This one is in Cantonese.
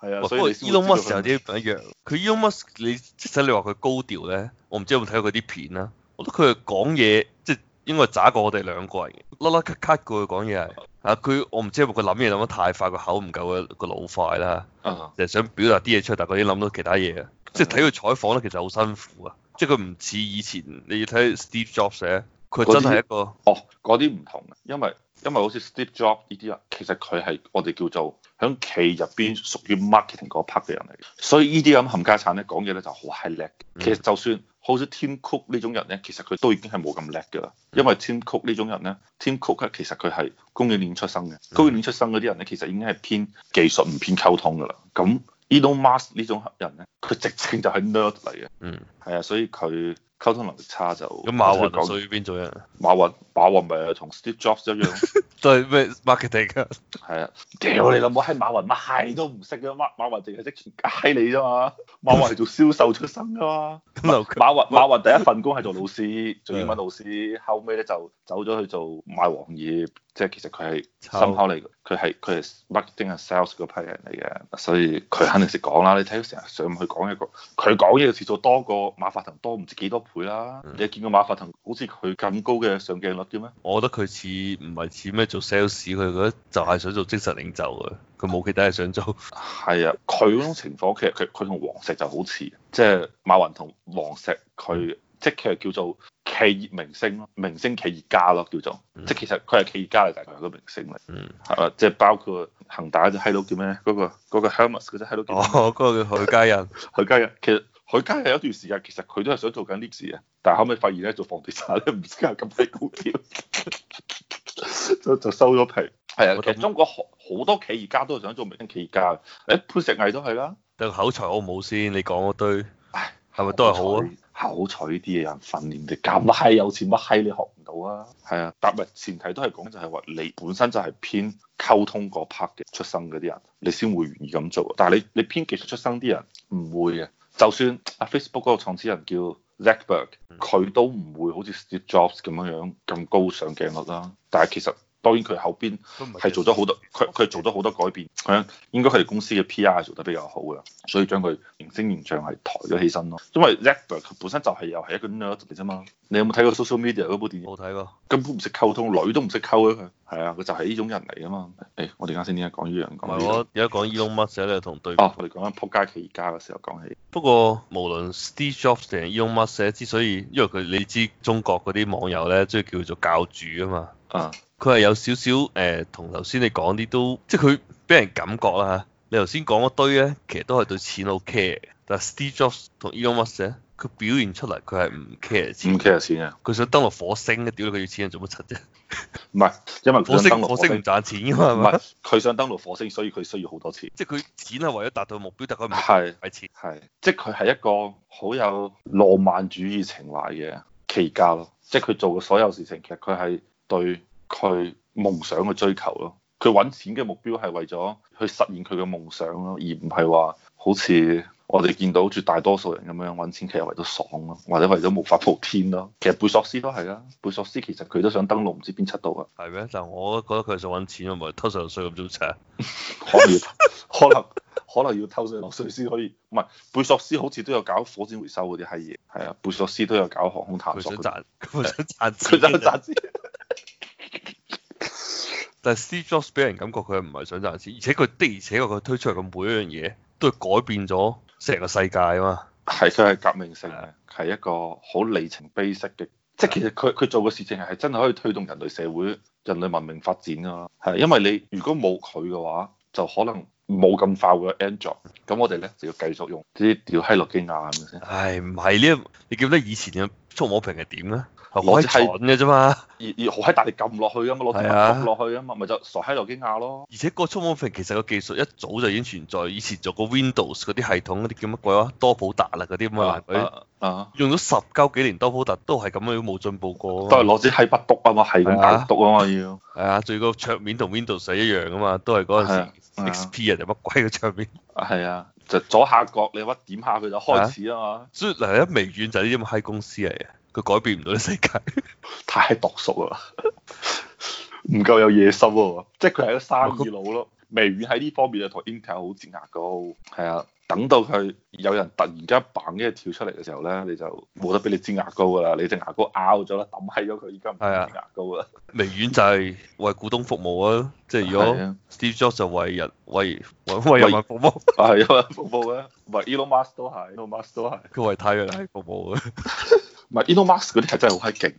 係啊，不過 Elon Musk 有啲唔一樣。佢 Elon Musk，你即使你話佢高調咧，我唔知有冇睇過佢啲片啦。我覺得佢講嘢即係應該渣過我哋兩個人，嘅，粒粒卡卡過佢講嘢係啊。佢我唔知係咪佢諗嘢諗得太快，個口唔夠個個腦快啦。就係、啊、想表達啲嘢出嚟，但係佢已經諗到其他嘢啊。即係睇佢採訪咧，其實好辛苦啊。即係佢唔似以前，你要睇 Steve Jobs 嘅。佢真係一個哦，嗰啲唔同嘅，因為因為好似 Steve Jobs 呢啲人，其實佢係我哋叫做響企入邊屬於 marketing 嗰 part 嘅人嚟，所以呢啲咁冚家產咧講嘢咧就好係叻，嗯、其實就算好似 Tim Cook 呢種人咧，其實佢都已經係冇咁叻噶啦，嗯、因為 Tim Cook 呢種人咧，Tim Cook 其實佢係供應鏈出生嘅，供應鏈出生嗰啲人咧其實已經係偏技術唔偏溝通噶啦，咁 Elon Musk 呢種人咧，佢直情就係 nerd 嚟嘅，嗯，係啊，所以佢。溝通能力差就咁馬雲所以邊種人？馬雲馬雲咪同 Steve Jobs 一樣，都係咩 marketing？係啊，屌、啊、你老母，係馬雲乜係都唔識嘅，馬馬雲淨係識傳解你啫嘛？馬雲係做銷售出身㗎嘛？馬雲馬雲第一份工係做老師， 做英文老師，後尾咧就走咗去做賣黃頁，即係其實佢係心口嚟，佢係佢係 marketing sales 嗰批人嚟嘅，所以佢肯定識講啦。你睇佢成日上去講一個，佢講嘢嘅次數多過馬化騰多唔知幾多。多倍啦！嗯、你見過馬化騰好似佢咁高嘅上鏡率嘅咩？我覺得佢似唔係似咩做 sales，佢嗰就係想做精神領袖嘅。佢冇其他嘢想做。係啊，佢嗰種情況其實佢佢同王石就好似，即、就、係、是、馬雲同王石，佢、嗯、即係其實叫做企業明星咯，明星企業家咯，叫做。嗯、即係其實佢係企業家嚟，但係佢係個明星嚟。嗯。係啊，即係包括恒大嗰隻閪佬叫咩？嗰、那個嗰、那個 Hermes 嗰、那、隻、個、閪叫。那個那個、哦，嗰、那個叫許家印。 許家印其實。佢家係有一段時間，其實佢都係想做緊呢啲嘢，但係後尾發現咧，做房地產咧唔識得咁鬼高調， 就就收咗皮了。係啊想，其實中國好，好多企業家都係想做明星企業家，誒潘石屹都係啦。對口才好唔好先？你講嗰堆，係咪唉都係好、啊、口才呢啲嘢？人訓練啲咁閪有錢，乜閪你學唔到啊？係啊，但係前提都係講就係、是、話你本身就係偏溝通嗰 part 嘅出生嗰啲人，你先會願意咁做。但係你你偏技術出生啲人唔會嘅。就算啊 Facebook 嗰個創始人叫 Zuckerberg 佢都唔會好似 Steve Jobs 咁樣樣咁高上鏡率啦。但係其實。當然佢後邊係做咗好多，佢佢做咗好多改變。佢應該佢哋公司嘅 P.R. 係做得比較好嘅，所以將佢明星形象係抬咗起身咯。因為 Zucker 本身就係又係一個咁樣嘅啫嘛。你有冇睇過 Social Media 嗰部電影？冇睇過，根本唔識溝通，女都唔識溝嘅佢。係、哎 e、啊，佢就係呢種人嚟啊嘛。誒，我哋啱先點解講呢樣？唔係我而家講 Elon Musk 咧，同對我哋講緊撲街企業家嘅時候講起。不過無論 Steve Jobs 定 Elon Musk 之所以，因為佢你知中國嗰啲網友咧，即係叫做教主啊嘛。啊！佢係有少少誒，同頭先你講啲都，即係佢俾人感覺啦嚇。你頭先講一堆咧，其實都係對錢好、okay、care。但係 Steve Jobs 同 Elon Musk 咧，佢表現出嚟佢係唔 care 錢。唔 care 錢啊！佢想登陸火星嘅，屌佢要錢做乜柒啫？唔係，因為登陸火星唔賺錢㗎嘛。唔係，佢想登陸火星，所以佢需要好多錢。即係佢錢係為咗達到目標，但係佢唔係為錢。即係佢係一個好有浪漫主義情懷嘅企業家咯。即係佢做嘅所有事情，其實佢係。對佢夢想嘅追求咯，佢搵錢嘅目標係為咗去實現佢嘅夢想咯，而唔係話好似我哋見到好似大多數人咁樣搵錢，其實為咗爽咯，或者為咗無法普天咯。其實貝索斯都係啊，貝索斯其實佢都想登陸唔知邊七度啊。係咩？但係我都覺得佢係想搵錢啊，唔係偷稅漏稅咁早扯。可能可能可能要偷稅漏稅先可以，唔係貝索斯好似都有搞火箭回收嗰啲閪嘢。係啊，貝索斯都有搞航空探索。佢想賺，佢想賺錢。 賺 但係 Steve Jobs 俾人感覺佢唔係想賺錢，而且佢的而且確佢推出嚟咁每一樣嘢都係改變咗成個世界啊嘛，係所以係革命性嘅，係的一個好里程碑式嘅，即係其實佢佢的做嘅事情係真係可以推動人類社會、人類文明發展啊。係因為你如果冇佢嘅話，就可能冇咁快會有 Android，咁我哋咧就要繼續用啲屌閪諾基亞咁嘅先。唉的，唔係、哎、你你記得以前？觸摸屏係點咧？好閪蠢嘅啫嘛，而而好喺大力撳落去啊嘛，撳落去啊嘛，咪就傻喺諾基亞咯。而且個觸摸屏其實個技術一早就已經存在，以前做過 Windows 嗰啲系統嗰啲叫乜鬼啊？多普達啦嗰啲咁嘅爛鬼，啊，用咗十鳩幾年多普達都係咁樣冇進步過，都係攞支閪筆篤啊嘛，係咁篤啊嘛要。係啊，最個桌面同 Windows 係一樣噶嘛，都係嗰陣時 XP 啊定乜鬼嘅桌面。係啊。就左下角你屈點下佢就開始啊嘛，所以嗱一微軟就係啲咁嘅嗨公司嚟嘅，佢改變唔到啲世界， 太毒熟。熟啦，唔夠有野心喎，即係佢係一個生意佬咯。微軟喺呢方面啊同 Intel 好擠牙膏，係啊，等到佢有人突然間一棒，跟住跳出嚟嘅時候咧，你就冇得俾你擠牙膏噶啦，你隻牙膏咬咗啦，抌喺咗佢，而家唔擠牙膏啦、啊。微軟就係為股東服務啊，即係如果 Steve Jobs 就為人為為為人民服務，係人喂、 啊、服務嘅，唔係 Elon Musk 都係，Elon Musk 都係，佢為太陽系服務啊，唔係 Elon Musk 嗰啲係真係好閪勁。